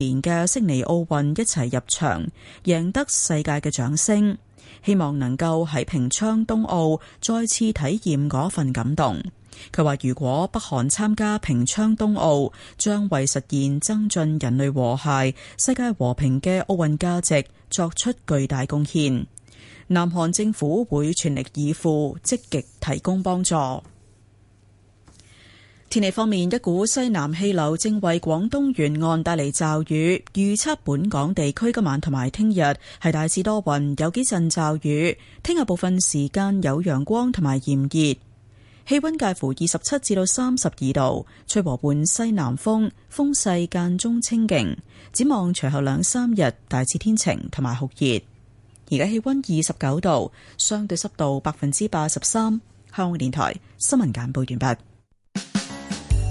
年嘅悉尼奧運一齊入場，贏得世界嘅掌聲。希望能夠喺平昌冬奧再次體驗嗰份感動。佢話如果北韓參加平昌冬奧，將為實現增進人類和諧、世界和平嘅奧運價值作出巨大貢獻。南韓政府會全力以赴，積極提供幫助。天氣方面，一股西南氣流正為廣東沿岸帶嚟驟雨。預測本港地區今晚同埋聽日係大致多雲，有幾陣驟雨。聽日部分時間有陽光同埋炎熱，氣溫介乎二十七至到三十二度，吹和緩西南風，風勢間中清勁。展望隨後兩三日大致天晴同埋酷熱。而家氣溫二十九度，相對濕度百分之八十三。香港電台新聞簡報完畢。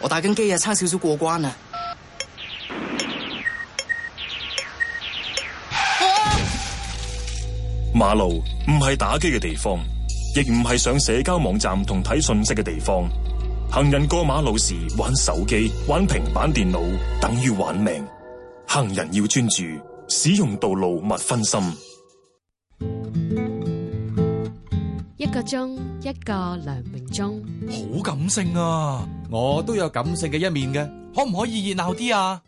我打緊機啊，差少少過關啊！馬路唔係打機嘅地方，亦唔係上社交網站同睇信息嘅地方。行人過馬路時玩手機、玩平板電腦，等於玩命。行人要專注，使用道路勿分心。一個鐘，一個梁榮忠，好感性啊！我都有感性嘅一面嘅，可唔可以熱鬧啲啊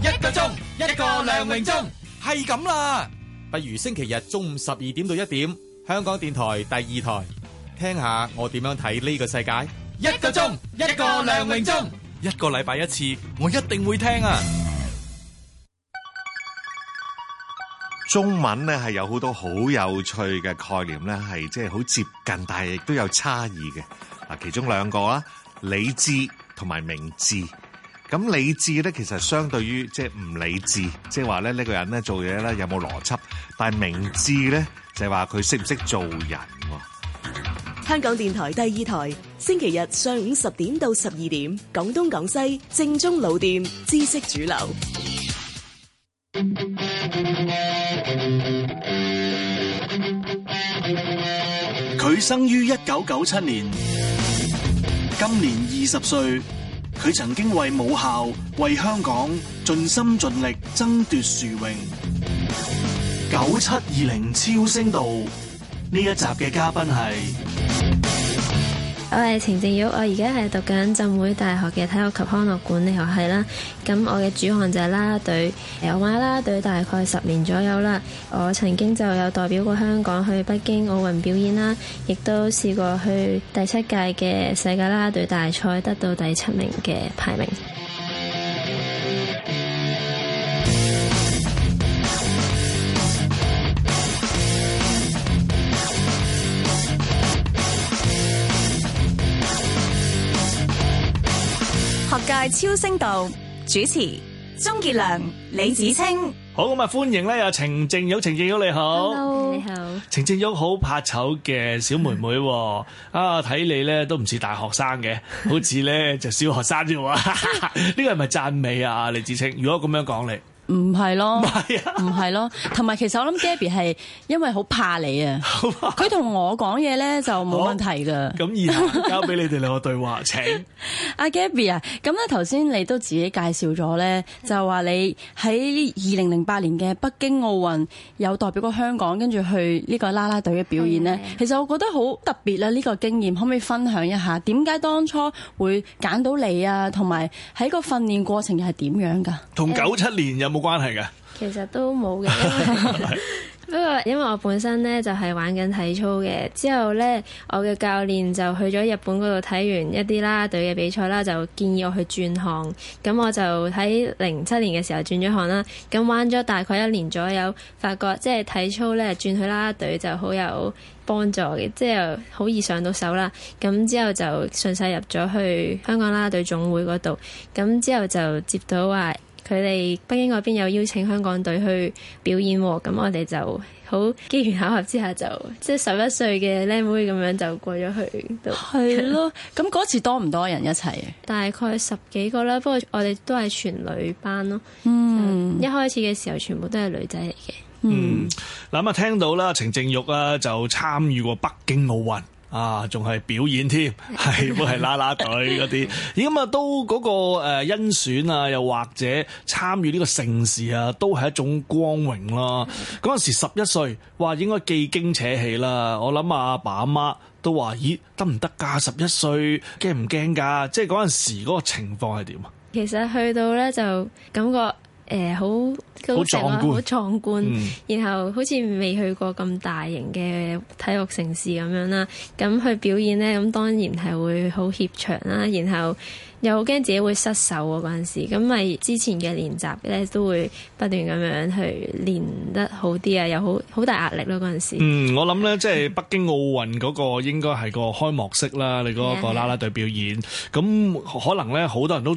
一鐘？一個鐘，一個梁榮忠，係咁啦。不如星期日中午十二點到一點，香港電台第二台，聽下我點樣睇呢個世界。一個鐘，一個梁榮忠，一個禮拜一次，我一定會聽啊。中文呢，係有好多好有趣嘅概念呢，係即係好接近，但係亦都有差異嘅。嗱，其中兩個啊，理智同埋明智。咁理智咧，其實相對於即係唔理智，即係話咧，呢個人咧做嘢咧有冇邏輯。但係明智咧，就係話佢識唔識做人。香港電台第二台，星期日上午十點到十二點，廣東廣西正宗老店，知識主流。佢生於一九九七年。今年二十歲，佢曾經為母校、為香港盡心盡力爭奪殊榮。九七二零超聲道，呢一集嘅嘉賓係。我係程證鈺，我而家係讀緊浸會大學嘅體育及康樂管理學系啦。咁我嘅主項就係啦啦隊，誒我玩啦啦隊大概十年左右啦。我曾經就有代表過香港去北京奧運表演啦，亦都試過去第七屆嘅世界啦啦隊大賽得到第七名嘅排名。界超聲道主持鍾傑良、李芷菁。好，咁啊歡迎咧，有程證鈺。程證鈺你好你。Hello. 好，程證鈺，好怕醜嘅小妹妹 啊，睇你咧，都唔似大學生嘅，好似咧，就小學生啫。呢個係咪讚美啊，李芷菁，如果咁樣講你。.唔係咯，唔係、啊、咯，同埋其實我諗 Gabby 係因為好怕你 啊，佢同我講嘢咧就冇問題噶。咁而家交俾你哋兩個對話，請阿 Gabby 啊。咁咧頭先你都自己介紹咗咧，就話你喺二零零八年嘅北京奧運有代表過香港，跟住去呢個啦啦隊嘅表演咧。的其實我覺得好特別啦，呢、呢個經驗可唔可以分享一下？點解當初會揀到你啊？同埋喺個訓練過程係點樣噶？同九七年有冇關係嘅，其實都冇嘅。 不過因為我本身咧就係、是、玩緊體操嘅，之後咧我嘅教練就去咗日本嗰度睇完一啲啦啦隊嘅比賽啦，就建議我去轉行。咁我就喺零七年嘅時候轉咗行啦。咁玩咗大概一年左右，發覺即係體操咧轉去啦啦隊就好有幫助嘅，即係好易上到手啦。咁之後就順勢入咗去香港啦啦隊總會嗰度。咁之後就接到話。佢哋北京嗰邊有邀請香港隊去表演喎，咁我哋就好機緣巧合之下就即係十一歲嘅靚妹咁樣就過咗去。係咯了，咁嗰次多唔多人一齊？大概十幾個啦，不過我哋都係全女班咯。嗯，一開始嘅時候全部都係女仔嚟嘅。嗯，嗱咁啊，嗯、聽到啦，程證鈺啊就參與過北京奧運。啊，仲係表演添，係都係啦啦隊嗰啲，咁啊都嗰個誒甄、呃、選啊，又或者參與呢個盛事啊，都係一種光榮咯、啊。咁嗰 時十一歲，話，應該既驚且喜啦。我諗阿爸阿媽都話，咦，得唔得㗎？十一歲驚唔驚㗎？即係嗰陣時嗰個情況係點啊？其實去到咧就感覺。誒好高啊，好、呃、壯觀，壯觀，嗯，然後好似未去過咁大型嘅體育城市咁樣啦，咁去表演呢，咁當然係會好怯場啦，然後。又好驚自己會失手喎、啊、嗰時，咁咪之前嘅練習咧都會不斷咁樣去練得好啲啊，又好好大壓力咯嗰陣時。嗯，我諗咧， 即係北京奧運嗰個應該係個開幕式啦，你嗰個啦啦隊表演，咁 可能咧好多人都儲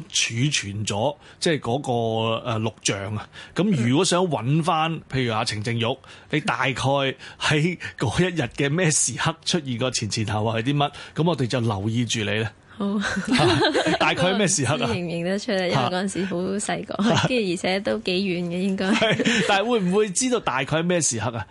存咗，即係嗰個誒錄像啊。咁如果想揾翻，譬如阿程證鈺， 你大概喺嗰一日嘅咩時刻出現過前前後後係啲乜？咁我哋就留意住你咧。好， 大概咩時刻啊？認唔認得出啦，因為嗰陣時好細個，跟住而且都幾遠嘅應該 。但係會唔會知道大概咩時刻啊？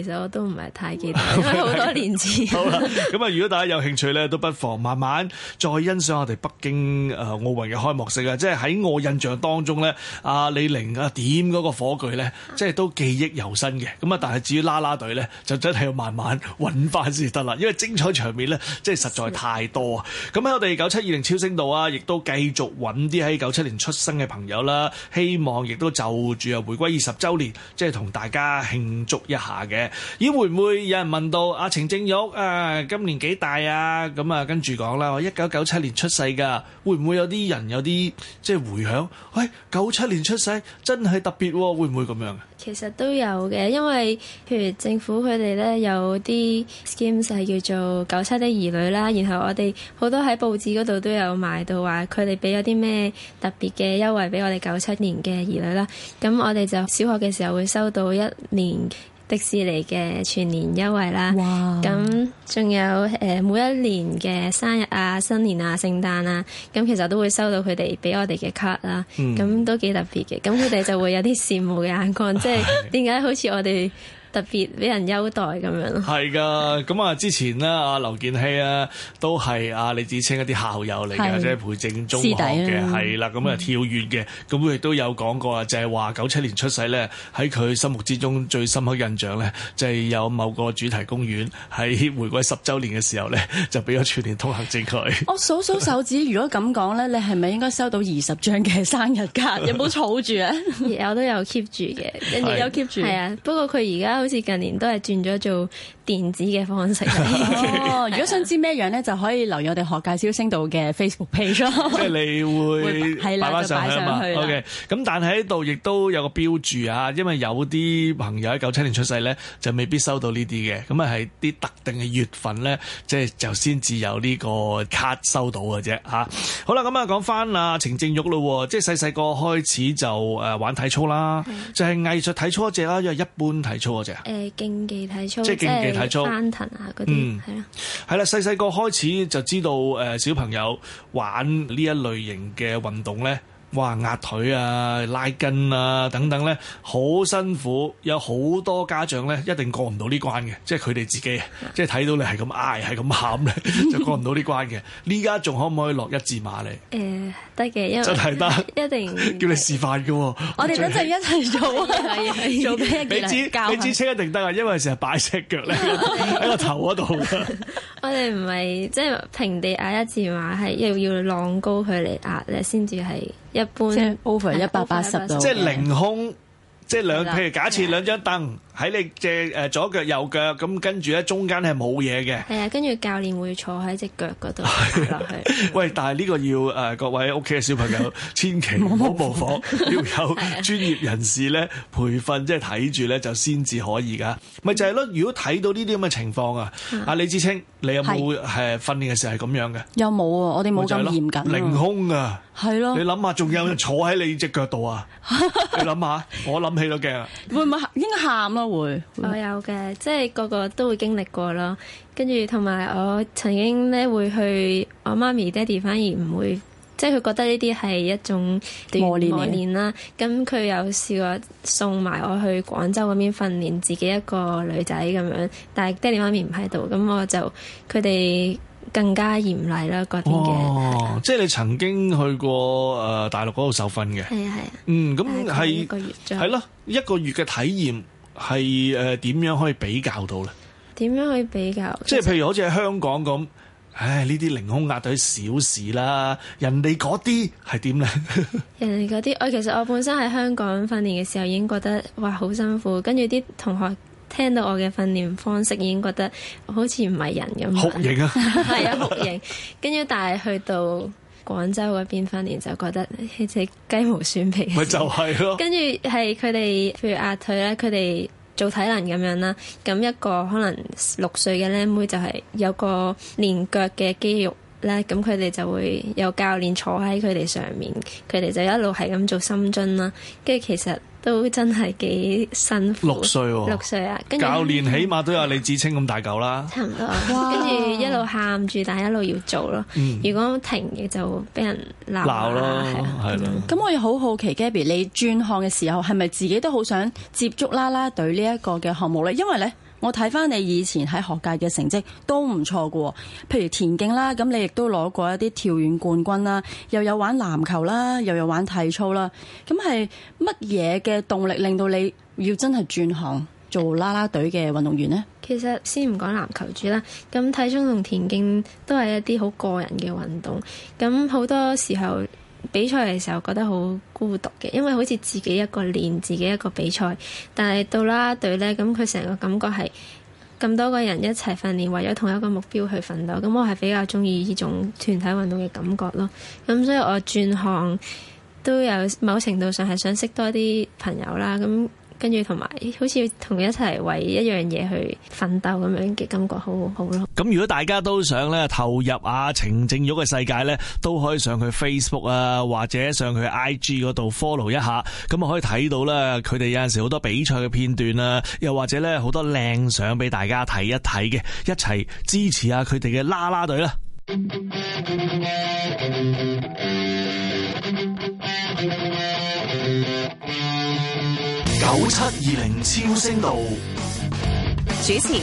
其實我都唔係太記得， 因為好多年前。 好啦吧，咁啊，如果大家有興趣咧，都不妨慢慢再欣賞我哋北京誒、呃、奧運嘅開幕式啊！即係喺我印象當中咧，阿、啊、李寧啊點嗰個火炬咧，即係都記憶猶新嘅。咁啊，但係至於啦啦隊咧，就真係要慢慢揾翻先得啦，因為精彩場面咧，即係實在太多啊！咁喺是我哋九七二零超星度啊，亦都繼續揾啲喺九七年出生嘅朋友啦，希望亦都就住啊，回歸二十週年，即係同大家慶祝一下嘅。咦，會唔會有人問到阿、啊、程證鈺啊？今年幾大啊？咁啊跟住講啦，我一九九七年出世噶，會唔會有啲人有啲即係回響？喂、哎，九七年出世真係特別、啊，會唔會咁樣、啊？其實都有嘅，因為譬如政府佢哋呢，有啲 schemes 就係叫做九七的兒女啦，然後我哋好多喺報紙嗰度都有賣到話，佢哋俾咗啲咩特別嘅優惠俾我哋九七年嘅兒女啦。咁我哋就小學嘅時候會收到一年。迪士尼嘅全年優惠啦，咁仲哇有誒、呃、每一年嘅生日啊、新年啊、聖誕啊，咁其實都會收到佢哋俾我哋嘅 card 啦，咁、嗯、都幾特別嘅，咁佢哋就會有啲羨慕嘅眼光， 即係點解好似我哋？特別俾人優待咁樣咯，係噶，咁啊之前咧啊劉健熙咧都係啊李芷菁一啲校友嚟嘅，即係培正中學師弟嘅，係啦，咁啊跳遠嘅，咁佢亦都有講過啊，就係話九七年出世咧，喺佢心目之中最深刻印象咧，就係有某個主題公園喺回歸十周年嘅時候咧，就俾咗全年通行證佢。我數數手指，如果咁講咧，你係咪應該收到二十張嘅生日卡？有冇儲住啊？我都有 keep 住嘅，跟住有 keep 住，係啊。不過佢而家。好似近年都係轉咗做。電子嘅方式，如果想知咩樣咧，就可以留意我哋學界超星導嘅 Facebook page 咯。即係你會擺擺上去啦。OK，咁但喺度亦都有個標注啊，因為有啲朋友喺九七年出世咧，就未必收到呢啲嘅。咁啊係啲特定嘅月份咧，即係就先至有呢個卡收到嘅啫。嚇，好啦，咁啊講翻啊，程證鈺咯，即係細細個開始就誒玩體操啦，就係藝術體操嗰隻啦，定係一般體操嗰隻啊？誒，競技體操。即係競技。翻騰啊！啲係咯，係 啦。細細個開始就知道，誒、呃、小朋友玩呢一類型嘅運動咧。哇，壓腿啊，拉筋啊等等咧，好辛苦，有好多家長咧一定過唔到呢關嘅，即係佢哋自己，的即係睇到你係咁嗌，係咁喊咧就過唔到呢關嘅。呢家仲可唔可以落一字馬咧？誒，得嘅，真係得，一定叫你示範嘅。我哋等陣一齊做啊，做咩你知你知，車，一定得啊，因為成日擺隻腳咧喺個頭嗰度。我哋唔係即係平地壓一字馬，係又要晾高佢嚟壓咧，先至係。一般即係 over 一百八十度，即係 180 凌空，即係兩，對 譬如假設兩張凳。對 對 喺你隻誒左腳右腳咁，跟住咧中間係冇嘢嘅。係啊，跟住教練會坐喺隻腳嗰度。係係。喂，但係呢個要誒、呃、各位屋企嘅小朋友千祈唔好模仿，要有專業人士咧培訓，即係睇住咧就先至可以㗎。咪的就係咯，如果睇到呢啲咁嘅情況啊，阿、嗯、李芷菁，你有冇誒訓練嘅時候係咁樣嘅？的有冇啊，我哋冇咁嚴謹。凌空啊！係咯的。你諗下，仲有坐喺你隻腳度啊？ 你諗下，我諗起咗嘅。 會唔會應該喊咯？會，會我有嘅，即係個個都會經歷過咯。跟住同埋我曾經咧會去，我媽咪、爹哋反而唔會，即係佢覺得呢啲係一種鍛煉磨練啦。咁佢有試過送埋我去廣州嗰邊訓練，自己一個女仔咁樣，但係爹哋媽咪唔喺度，咁我就佢哋更加嚴厲啦嗰啲嘅。哦，即係你曾經去過誒大陸嗰度受訓嘅？係啊，係啊。嗯，咁係係咯，一個月嘅體驗。係誒，點、呃、樣可以比較到咧？點樣可以比較？即係譬如好似喺香港咁，唉，呢啲凌空壓腿小事啦，人哋嗰啲係點咧？ 人哋嗰啲，我、哦、其實我本身喺香港訓練嘅時候已經覺得哇好辛苦，跟住啲同學聽到我嘅訓練方式已經覺得好似唔係人咁，酷刑啊，係啊酷刑，跟住但係去到。廣州嗰邊訓練就覺得呢隻雞毛蒜皮，咪就係咯。跟住係佢哋，譬如壓腿咧，佢哋做體能咁樣啦。咁一個可能六歲嘅靚妹就係有個練腳嘅肌肉咧，咁佢哋就會有教練坐喺佢哋上面，佢哋就一路係咁做深蹲啦。跟住其實。都真係幾辛苦。六歲喎，六歲啊，跟住、啊、教練起碼都有李芷菁咁大嚿啦，差唔多。跟住哇一路喊住，但係一路要做咯。嗯、如果停嘅就俾人鬧。鬧咯吧，係啊，係咯、啊。咁對吧 我又好好奇，Gabby，你轉項嘅時候係咪自己都好想接觸啦啦隊呢一個嘅項目咧？因為咧。我睇翻你以前喺學界嘅成績都唔錯嘅，譬如田徑啦，咁你亦都攞過一啲跳遠冠軍啦，又有玩籃球啦，又有玩體操啦。咁係乜嘢嘅動力令到你要真係轉行做啦啦隊嘅運動員呢？其實先唔講籃球主啦，咁體操同田徑都係一啲好個人嘅運動，咁好多時候。比賽嘅時候覺得好孤獨嘅，因為好似自己一個練，自己一個比賽。但係到啦啦隊呢，咁佢成個感覺係咁多個人一齊訓練，為咗同一個目標去奮鬥。咁我係比較中意呢種團體運動嘅感覺咯。咁所以我轉行都有某程度上係想識多啲朋友啦。咁。跟住同埋，好似同佢一齊為一樣嘢去奮鬥咁樣嘅感覺好，好好咯。咁如果大家都想咧投入啊程證鈺嘅世界呢都可以上去 Facebook 啊，或者上去 IG 嗰度 follow 一下，咁啊可以睇到咧佢哋有陣時好多比賽嘅片段啊，又或者咧好多靚相俾大家睇一睇嘅，一齊支持下佢哋嘅啦啦隊啦。 九七二零超聲度主持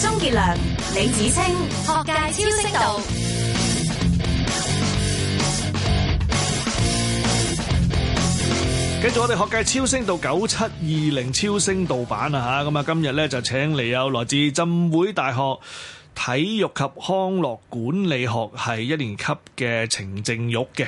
鍾傑良、李芷菁學界超聲度，繼續我哋學界超聲度九七二零超聲度版啊吓，咁啊今日咧就請嚟有來自浸會大學。體育及康樂管理學系一年級嘅程證鈺嘅，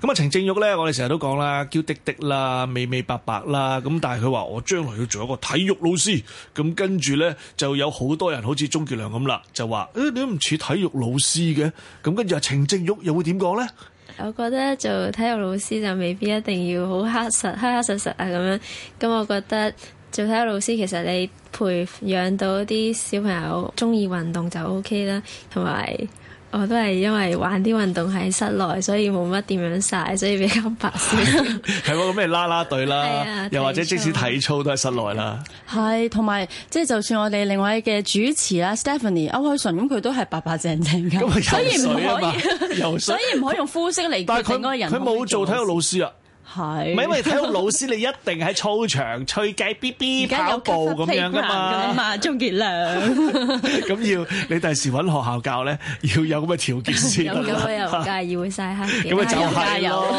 咁啊程證鈺咧，我哋成日都講啦，嬌滴滴啦，美美白白啦，咁但係佢話我將來要做一個體育老師，咁跟住咧就有好多人好似鍾傑良咁啦，就話誒、欸、你都唔似體育老師嘅，咁跟住啊程證鈺又會點講咧？我覺得做體育老師就未必一定要好黑實、黑黑實實啊咁樣，咁我覺得。做體育老師，其實你培養到啲小朋友中意運動就 OK 啦。同埋，我都係因為玩啲運動喺室內，所以冇乜點樣曬，所以比較白色 嗯。係喎，咁咩啦啦隊啦， 嗯啊、又或者即使體操都係室內啦。係、嗯，同埋即係就算我哋另外嘅主持啦，Stephanie、歐海純咁，佢都係白白淨淨噶，所以唔可以， 所以唔可以用膚色嚟決定嗰個人。但係佢佢冇做體育老師啊。係，唔係因為體育老師你一定喺操場吹雞 B B 跑步咁樣噶嘛？嘛 結了，鍾傑良，咁要你第時揾學校教咧，要有咁嘅條件先得啦。咁樣又唔介意會曬黑，咁咪 就係咯。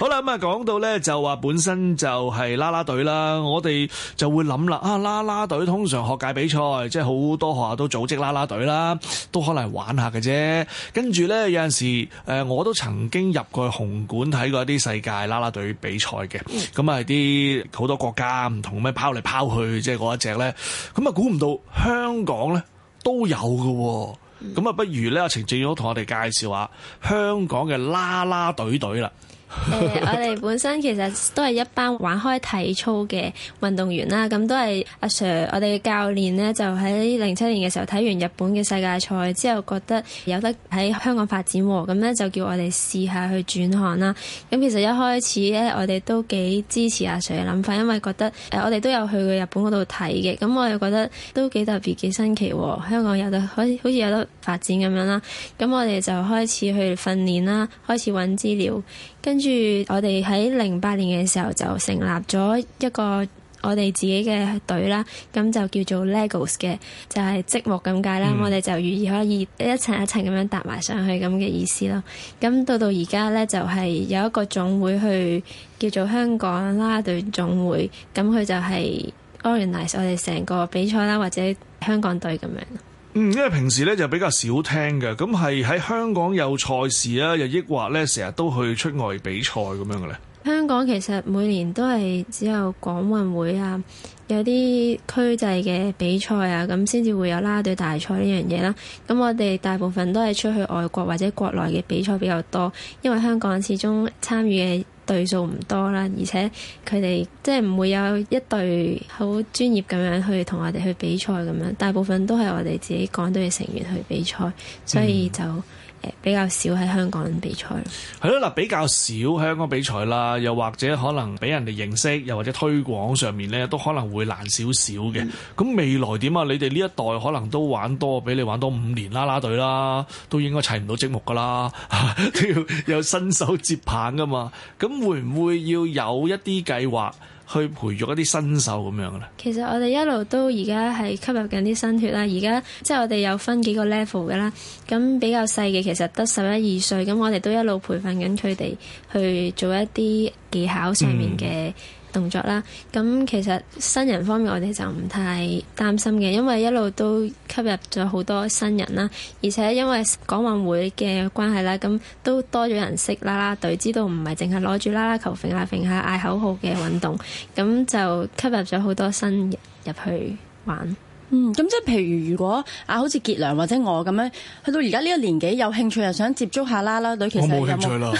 好啦、 嗯，咁啊講到咧就話本身就係啦，啦啦隊啦， 我哋就會諗啦啊啦啦隊通常學界比賽，即係好多學校都組織啦啦隊啦，都可能玩下嘅啫。跟住咧有陣時誒，我都曾經入過，過紅館睇過一啲世界啦，隊比賽嘅，咁啊係啲好多國家唔同咩，拋嚟拋去，即係嗰一隻咧，咁啊估唔到香港咧都有嘅，咁啊不如咧阿程證鈺同我哋介紹下香港嘅啦啦隊隊啦。誒、 呃，我哋本身其實都係一班玩開體操嘅運動員啦。咁都係阿 Sir，我哋嘅教練呢，就喺零七年嘅時候睇完日本嘅世界賽之後，覺得有得喺香港發展，咁呢，就叫我哋試下去轉行啦。咁其實一開始呢，我哋都幾支持阿 Sir 嘅諗法，因為覺得誒、呃，我哋都有去過日本嗰度睇嘅，咁我又覺得都幾特別、幾新奇、哦，香港有得，好似好似有得發展咁樣啦。咁我哋就開始去訓練啦，開始揾資料。跟住我哋喺零八年嘅時候就成立咗一個我哋自己嘅隊啦，咁就叫做 Legos 嘅，就係、是、積木咁解啦。嗯、我哋就寓意可以一層一層咁樣搭埋上去咁嘅意思咯。咁到到而家呢，就係、是、有一個總會去叫做香港啦啦隊總會，咁佢就係 organize 我哋成個比賽啦，或者香港隊咁樣。嗯，因為平時咧就比較少聽嘅，咁係喺香港有賽事啊，又抑或咧成日都去出外比賽咁樣嘅咧？香港其實每年都係只有港運會啊，有啲區際嘅比賽啊，咁先至會有啦啦隊大賽呢樣嘢啦。咁我哋大部分都係出去外國或者國內嘅比賽比較多，因為香港始終參與嘅隊數唔多啦，而且佢哋即係唔會有一隊好專業咁樣去同我哋去比賽咁樣，大部分都係我哋自己港隊嘅成員去比賽，所以就，嗯比較少喺香港比賽咯，係咯嗱，比較少喺香港比賽啦，又或者可能俾人哋認識，又或者推廣上面咧，都可能會難少少嘅。咁、嗯、未來點啊？你哋呢一代可能都玩多，比你玩多五年啦啦隊啦，都應該砌唔到積木噶啦， 都要有新手接棒噶嘛。咁會唔會要有一啲計劃？去培育一啲新手咁樣嘅啦。其實我哋一路都而家係吸入緊啲新血啦。而家即係我哋有分幾個 level 嘅啦。咁比較細嘅其實得十一二歲，咁我哋都一路培訓緊佢哋去做一啲技巧上面嘅。嗯動作啦，咁其實新人方面我哋就唔太擔心嘅，因為一路都吸入咗好多新人啦，而且因為港運會嘅關係啦，咁都多咗人識啦啦隊，知道唔係淨係攞住啦啦球揈下揈下嗌口號嘅運動，咁就吸入咗好多新人入去玩。嗯，咁即係譬如如果啊，好似傑良或者我咁樣，去到而家呢個年紀，有興趣又想接觸下啦啦隊，其實我冇興趣啦，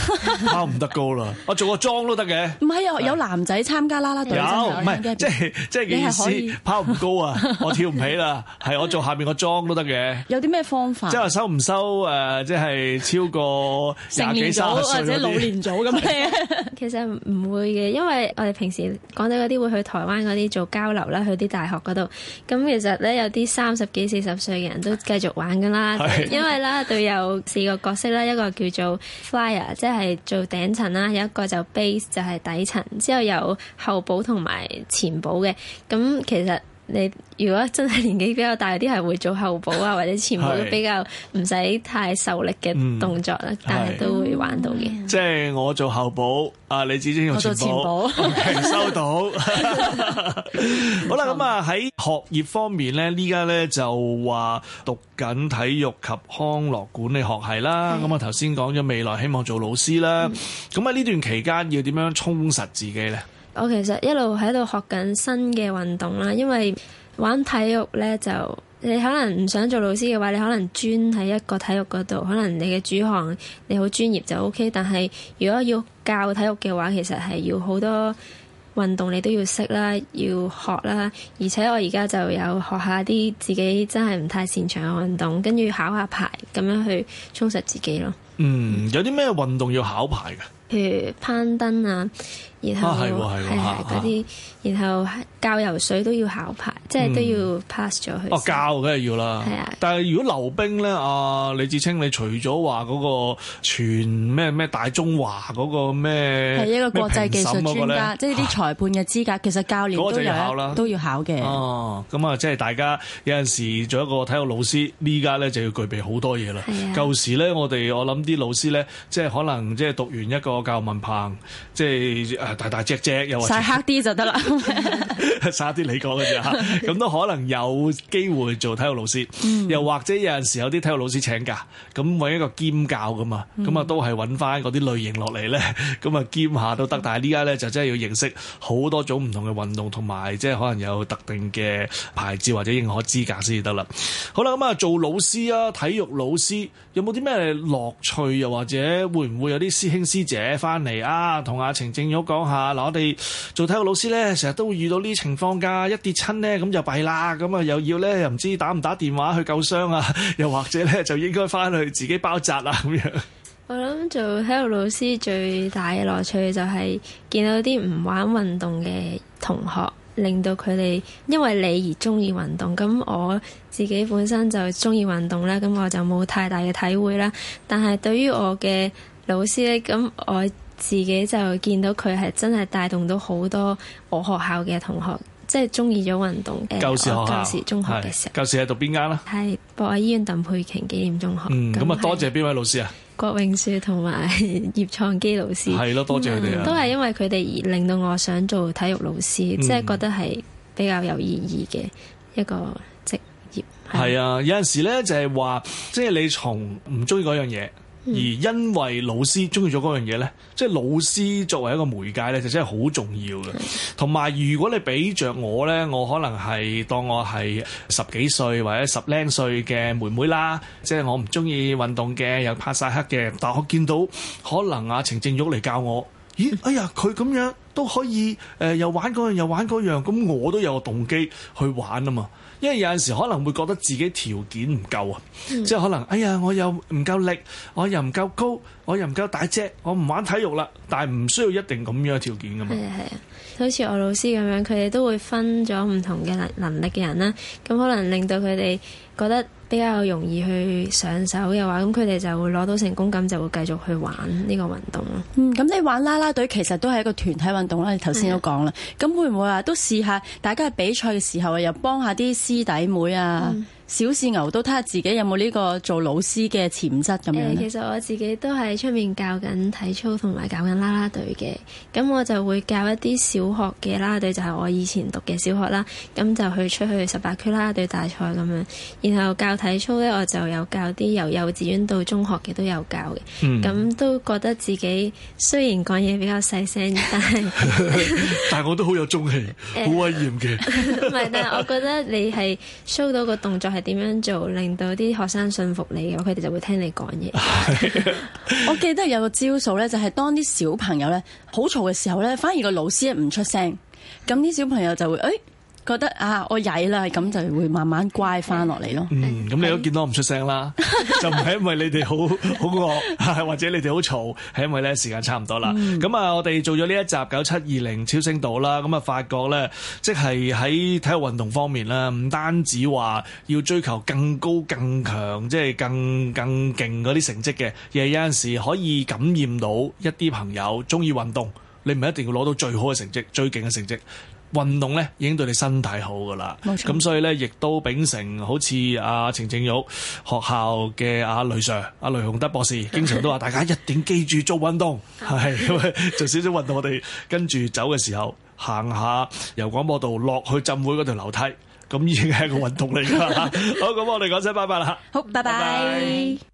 拋唔得高啦，我做個裝都得嘅。唔係啊，有男仔參加啦啦隊。有，唔係，即係即係幾意思？拋唔高啊，我跳唔起啦，係我做下邊個裝都得嘅。有啲咩方法？即係話收唔收誒？即係超過成年組或者老年組咁啊？其實唔會嘅，因為我哋平時講到嗰啲會去台灣嗰啲做交流啦，去啲大學嗰度。咁其實有啲三十幾四十歲嘅人都繼續玩㗎啦， 因為啦佢有四個角色啦，一個叫做 flyer，即係做頂層啦，有一個就 base 就係底層，之後有後補同埋前補嘅，咁其實。你如果真係年紀比較大啲，係會做後補啊，或者前補都比較唔使太受力嘅動作啦， 嗯、但係都會玩到嘅。即係、嗯就是、我做後補，啊，你只用做前補 o Okay, 收到。 好啦，咁啊喺學業方面咧，依家咧就話讀緊體育及康樂管理學系啦。咁啊頭先講咗未來希望做老師啦，咁啊、嗯，呢段期間要點樣充實自己咧？我其實一路喺度學緊新嘅運動啦，因為玩體育呢，就你可能唔想做老師嘅話，你可能專喺一個體育嗰度，可能你嘅主項你好專業就 OK。但係如果要教體育嘅話，其實係要好多運動你都要識啦，要學啦。而且我而家就有學下啲自己真係唔太擅長嘅運動，跟住考下牌咁樣去充實自己咯。嗯，有啲咩運動要考牌㗎？譬如攀登啊。啊，係喎，係喎，嚇！嗰啲，然後教游水都要考牌，即係都要 pass 咗去。哦，教梗係要啦。係啊。但係如果溜冰咧，啊，李芷菁，你除咗話嗰個全咩咩大中華嗰個咩，係一個國際技術專家，即係啲裁判嘅資格，其實教練都考啦，都要考嘅。哦，咁啊，即係大家有陣時做一個體育老師，呢家咧就要具備好多嘢啦。係啊。舊時咧，我哋我諗啲老師咧，即係可能即係讀完一個教育文憑，即係大大隻隻又或者曬黑啲就得啦， 曬啲你講嘅啫，咁都可能有機會做體育老師，嗯、又或者有陣時有啲體育老師請假，咁揾一個兼教噶嘛，咁啊都係揾翻嗰啲類型落嚟咧，咁啊兼下都得。但係呢家咧就真係要認識好多種唔同嘅運動，同埋即係可能有特定嘅牌子或者認可資格先至得啦。好啦，咁啊做老師啊體育老師有冇啲咩樂趣？又或者會唔會有啲師兄師姐翻嚟啊同阿程證鈺講？下我哋做體育老師呢，成日都會遇到呢情況㗎，一跌親呢，咁就弊啦，咁啊又要呢，又唔知打唔打電話去救傷啊，又或者呢，就應該返去自己包紮啦咁樣。我諗做體育老師最大嘅樂趣就係見到啲唔玩運動嘅同學，令到佢哋因為你而中意運動。咁我自己本身就中意運動啦，咁我就冇太大嘅體會啦。但係對於我嘅老師呢，咁我。自己就見到佢係真係帶動到好多我學校嘅同學，即係中意咗運動。舊、呃、時學校、舊時中學嘅時候，舊時喺讀邊間啦？係博愛醫院鄧佩瓊紀念中學。咁啊、嗯，多謝邊位老師啊？郭永舒同埋葉創基老師。係咯，多謝佢哋、嗯。都係因為佢哋而令到我想做體育老師，即係、嗯、覺得係比較有意義嘅一個職業。係啊，有陣時咧就係話，即、就、係、是、你從唔中意嗰樣嘢。而因為老師中意咗樣嘢咧，即係老師作為一個媒介咧，就真係好重要嘅。同埋如果你俾着我咧，我可能係當我係十幾歲或者十零歲嘅妹妹啦，即係我唔中意運動嘅，又怕曬黑嘅，但我見到可能阿程證鈺嚟教我，咦，哎呀，佢咁樣。都可以誒、呃，又玩嗰樣又玩嗰樣，咁我都有個動機去玩啊嘛。因為有陣時可能會覺得自己條件唔夠啊， 即係可能哎呀，我又唔夠力，我又唔夠高，我又唔夠大隻，我唔玩體育啦。但係唔需要一定咁樣嘅條件㗎嘛。係啊係啊，好似、啊、我老師咁樣，佢哋都會分咗唔同嘅能能力嘅人啦。咁可能令到佢哋，覺得比較容易去上手嘅話，咁佢哋就會攞到成功感，就會繼續去玩呢個運動咯。嗯，咁你玩啦啦隊其實都係一個團體運動啦，你頭先是、啊、都講啦。咁會唔會啊？都試下，大家喺比賽嘅時候啊，又幫下啲師弟妹啊。嗯小試牛都睇下自己有冇呢個做老師嘅潛質咁樣咧。其實我自己都喺出面教緊體操同埋教緊啦啦隊嘅。咁我就會教一啲小學嘅啦啦隊，就係我以前讀嘅小學啦。咁就去出去十八區啦啦隊大賽咁樣，然後教體操咧，我就有教啲由幼稚園到中學嘅都有教嘅。咁、嗯、都覺得自己雖然講嘢比較細聲，但係 但係我都好有中氣，好 威嚴嘅。唔 係，但係我覺得你係 show 到個動作。係點樣做令到啲學生信服你嘅，佢哋就會聽你講嘢。 我記得有個招數呢，就係、是、當啲小朋友呢好嘈嘅時候呢，反而個老師唔出聲，咁啲小朋友就會誒。哎覺得啊，我曳啦，咁就會慢慢乖翻落嚟咯。嗯，咁你都見到我唔出聲啦，是 就唔係因為你哋好好惡， 或者你哋好嘈，係因為咧時間差唔多啦。咁啊、嗯，我哋做咗呢一集九七二零超聲導啦，咁啊發覺咧，即係喺體育運動方面啦，唔單止話要追求更高、更強，即係更更勁嗰啲成績嘅，而係有陣時可以感染到一啲朋友中意運動。你唔係一定要攞到最好嘅成績、最勁嘅成績。運動咧已經對你身體好噶啦，咁錯所以咧亦都秉承好似阿程證鈺學校嘅阿、啊、雷 Sir 阿、啊、雷雄德博士經常都話：大家一定要記住做運動，係 做少少運動我。我哋 跟住走嘅時候，行下由廣播度落去浸會嗰條樓梯，咁已經係個運動嚟㗎。 好，咁我哋講聲拜拜啦。好，拜拜。Bye bye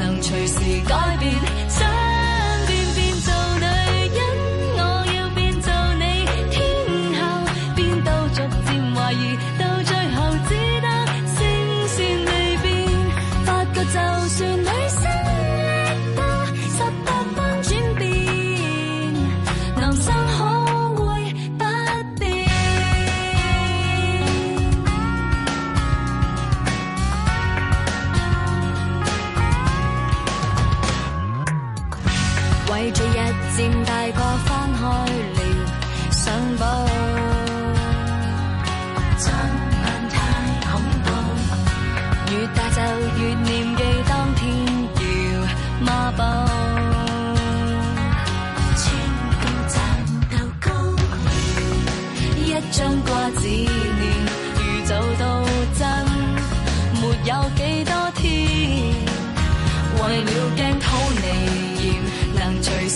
能隨時改變。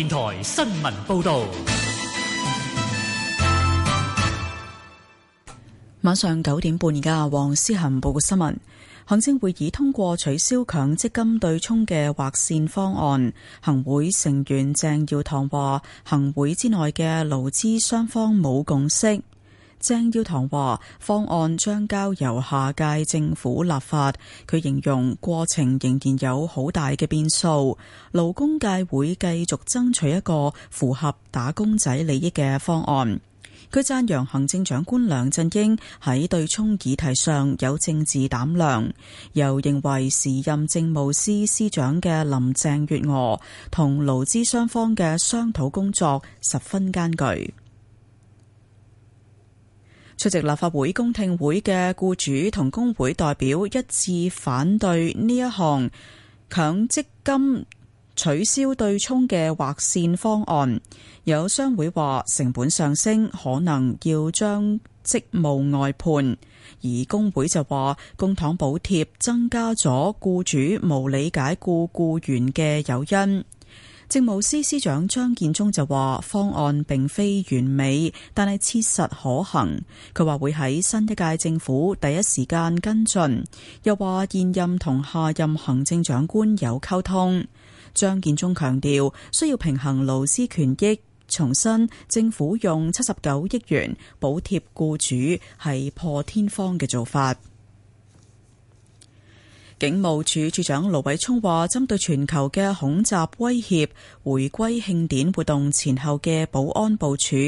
電台新聞報道。晚上九點半，而家黃思恒報嘅新聞，行政會議通過取消強積金對沖嘅劃線方案。行會成員鄭耀棠話，行會之內嘅勞資雙方冇共識。鄭耀棠話：方案將交由下屆政府立法，佢形容過程仍然有好大嘅變數。勞工界會繼續爭取一個符合打工仔利益嘅方案。佢贊揚行政長官梁振英喺對沖議題上有政治膽量，又認為時任政務司司長嘅林鄭月娥同勞資雙方嘅商討工作十分艱巨。出席立法會公聽會嘅僱主同工會代表一致反對呢一項強積金取消對沖嘅劃線方案。有商會話成本上升可能要將職務外判，而工會就話公帑補貼增加咗僱主無理解僱僱員嘅誘因。政務司司長張建宗就話，方案並非完美，但係切實可行。佢話會喺新一屆政府第一時間跟進，又話現任同下任行政長官有溝通。張建宗強調，需要平衡勞資權益。重申，政府用七十九億元補貼僱主係破天荒嘅做法。警務處處長盧偉聰話，針對全球嘅恐襲威脅，回歸慶典活動前後嘅保安部署。